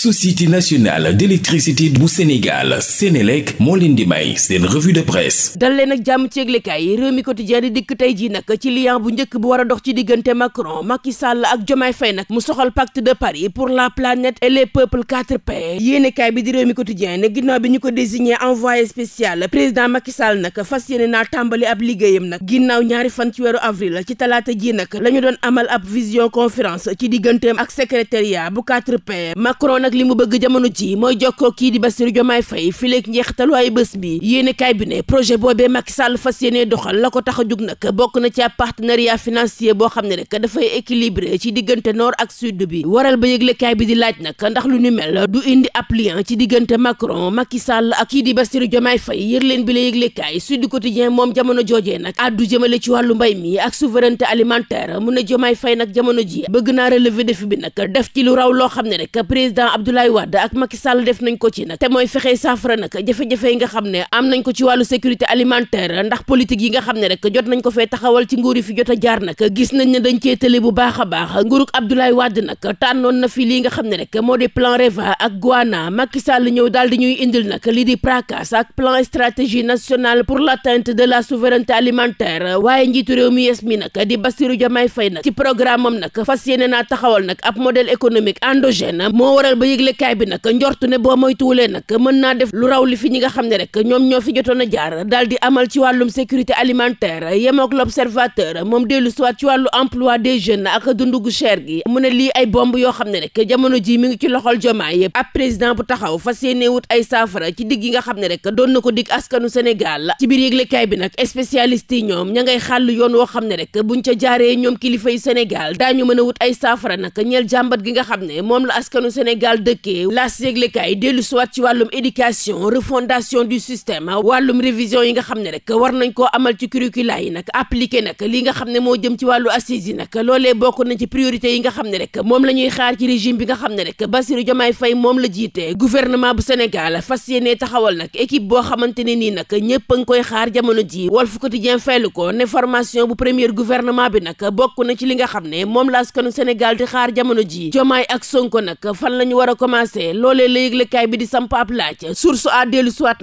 société nationale d'électricité bu Sénégal Sénélec moo leen di may seen revue de presse dal leen ak jàmm ci yëglekaay yi réew mi quotidien di dikk tey ji nag ci lien bu njëkk bu war a dox ci diggante Macron Macky ak Jomaay Fay nag mu soxal pacte de Paris pour la planète et les peuples 4 yéenekaay bi di réew mi quotidien ne ginnaaw bi ñu ko désigné envoyé spécial président Macky nag fas naa tàmbali ab liggéeyam nag ginnaaw ñaari fan ci weeru avril ci la ñu doon amal nag li mu bëgg jamono ji mooy jokkoo kii di Bassirou Diomaye Faye fileeg njeextalu ay bés bi yéene kaay bi ne projet boobee Macky Sall fas yéene doxal la ko tax a jug nag bokk na ci partenariat financier boo xam ne rek dafay équilibré ci diggante nord ak sud bi waral ba yëglekaay bi di laaj nag ndax lu ñu mel du indi ab lien ci diggante Macron Macky Sall ak kii di Bassirou Diomaye Faye yër leen bi la yëglekaay Sud Quotidien moom jamono joojee nag addu jëmale ci wàllu mbay mi ak souveraineté alimentaire mu ne Diomaye Faye nag jamono ji bëgg naa relever défi bi nag def ci lu raw loo xam Abdoulaye Wade ak Macky def nañ ko ci nag te mooy fexee saafara nag jafe-jafe yi nga xam ne am nañ ko ci wàllu sécurité alimentaire ndax politique yi nga xam ne rek jot nañ ko fee taxawal ci nguur yi fi jot a jaar nag gis nañ ne dañ cee tële bu baax a baax nguuruk Abdoulaye Wade nag tànnoon na fi lii nga xam ne rek moo di plan REVA ak Guana Macky ñëw daal di ñuy indil nag lii di PRACAS ak plan stratégie nationale pour l'atteinte de la souveraineté alimentaire waaye njiitu réew mi mi nag di Bassirou Diomaye Faye nag ci programme am nag fas yéene naa taxawal nag ab modèle économique endogène yëglekaay bi nag njortu ne boo moytuwulee nag mën naa def lu raw li fi ñi nga xam ne rek ñoom ñoo fi jotoon a jaar daal di amal ci wàllum sécurité alimentaire yemook l'observateur moom dellu soit ci wàllu emploi des jeunes ak dundu gu cher gi lii ay bomb yoo xam ne rek jamono ji mi ngi ci loxol jomaay ab président bu taxaw fas yéene wut ay saafara ci digg yi nga xam ne rek doon na ko digg askanu Sénégal ci biir yëglekaay bi nag spécialiste yi ñoom ña ngay xàll yoon woo xam ne rek buñ ca jaaree ñoom kilifa yi Sénégal daañu mën a wut ay saafara nag ñeel jàmbat gi nga xam ne moom la askanu Sénégal dëkkee laas yëglekaay dellu siwaat ci wàllum éducation refondation du système wàllum révision yi nga xam ne rek war nañ koo amal ci curricula yi nag appliqué nag li nga xam ne moo jëm ci wàllu assises yi nag loolee bokk na ci priorité xam ne rek moom la ñuy xaar ci régime bi nga xam ne rek Bassirou Diomaye Faye moom la jiite gouvernement bu Sénégal fas yéene taxawal nag équipe boo xamante ne nii nag ñëpp koy xaar jamono ji Walf Quotidien faylu ko ne formation bu premier gouvernement bi nag bokk na ci li nga xam ne moom la askanu Sénégal di xaar jamono ji Diomaye ak Sonko nag fan la ñu war a commencé loolee la yëglekaay bi di samp ab laaj source a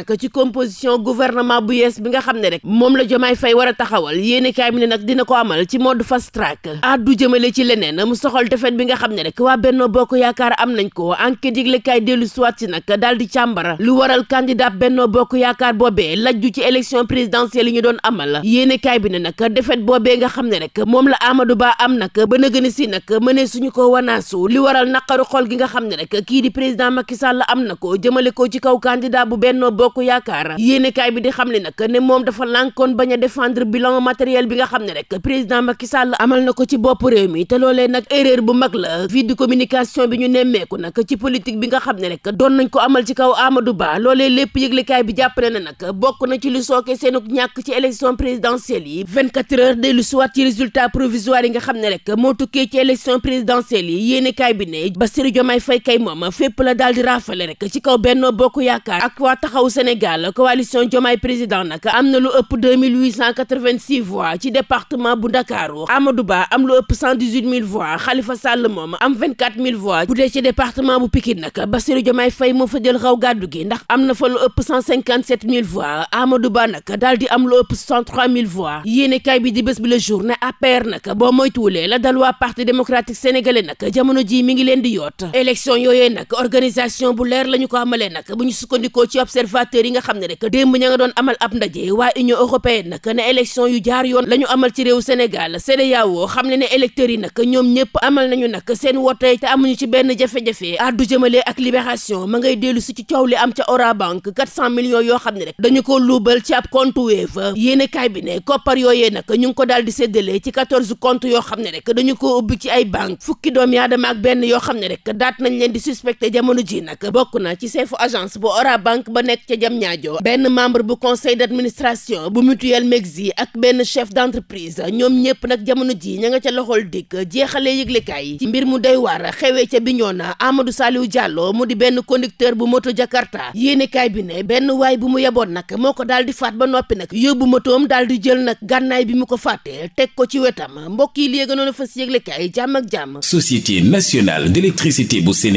nag ci composition gouvernement bu yees bi nga xam ne rek moom la jomaay fay war a taxawal yéenekaay bi ne nag dina ko amal ci mode fast track addu jëmale ci leneen mu soxal defet bi nga xam ne rek waa Benno Bokk Yaakaar am nañ ko enquête yëglekaay dellu siwaat si nag daal di càmbara lu waral candidat Benno Bokk Yaakaar boobee lajju ci élection présidentielle yi ñu doon amal yéenekaay bi ne nag defet boobee nga xam ne rek moom la Amadou baa am nag ba nëgëni si nag mënee suñu ko wanaasu li waral naqaru xol gi nga xam ne rek rek kii di président Macky Sall am na ko jëmale ko ci kaw candidat bu Benno Bokk Yaakaar yéenekaay bi di xam ne nag ne moom dafa lànkoon bañ a défendre bilan matériel bi nga xam ne rek président Macky Sall amal na ko ci bopp réew mi te loolee nag erreur bu mag la vide de communication bi ñu nemmeeku nag ci politique bi nga xam ne rek doon nañ ko amal ci kaw Amadou Ba loolee lépp yëglekaay bi jàpp na nag bokk na ci lu sooke seenuk ñàkk ci élection présidentielle yi 24 heures dellu si waat ci résultat provisoire yi nga xam ne rek moo tukkee ci élection présidentielle yi yéenekaay bi ne kay moom fépp la daal di raafale rek ci kaw Benno Bokk Yaakaar ak waa taxaw Sénégal coalition Diomaye président nag am na lu ëpp 2886 voix ci département bu Ndakaaru Amadou Ba am lu ëpp 118000 voix Khalifa Sall moom am 24000 voix bu dee ci département bu Pikine nag Bassirou Diomaye Faye moo fa jël xaw gàddu gi ndax am na fa lu ëpp 157000 voix Amadou Ba nag daal di am lu ëpp 63000 voix yéenekaay bi di bés bi le jour ne APR nag boo moytuwulee la dal waa parti démocratique sénégalais nag jamono ji mi ngi leen di yoot élection yooyee nag organisation bu leer la ñu ko amalee nag bu ñu sukkandikoo ci observateur yi nga xam ne rek démb ña nga doon amal ab ndaje waa union européenne nag ne élection yu jaar yoon la ñu amal ci réew Sénégal CEDEAO xam ne ne électeurs yi nag ñoom ñëpp amal nañu nag seen wote te amuñu ci benn jafe-jafe addu jëmalee ak liberation ma ngay dellu si ci coow li am ca banque Orabank cent millions yoo xam ne rek dañu ko luubal ci ab compte Wave yéene bi ne koppar yooyee nag ñu ngi ko daal di séddale ci 14 compte yoo xam ne rek dañu ko ubbi ci ay banque fukki doomi ak benn yoo xam ne rek daat nañ leen leen di suspecté jamono ji nag bokk na ci chef agence bu Ora Bank ba nekk ca jam ñaajo benn membre bu conseil d'administration bu mutuelle Mexi ak benn chef d'entreprise ñoom ñëpp nag jamono ji ña nga ca loxol dikk jeexale yëglekaay yi ci mbir mu doy waar xewee ca Bignona Amadou Saliou Diallo mu di benn conducteur bu moto Jakarta yéenekaay bi ne benn waay bu mu yeboon nag moo ko daal di faat ba noppi nag yóbbu motoom daal di jël nag gànnaay bi mu ko fàttee teg ko ci wetam mbokk yi léegi noonu fas yëglekaay jàmm ak jàmm société nationale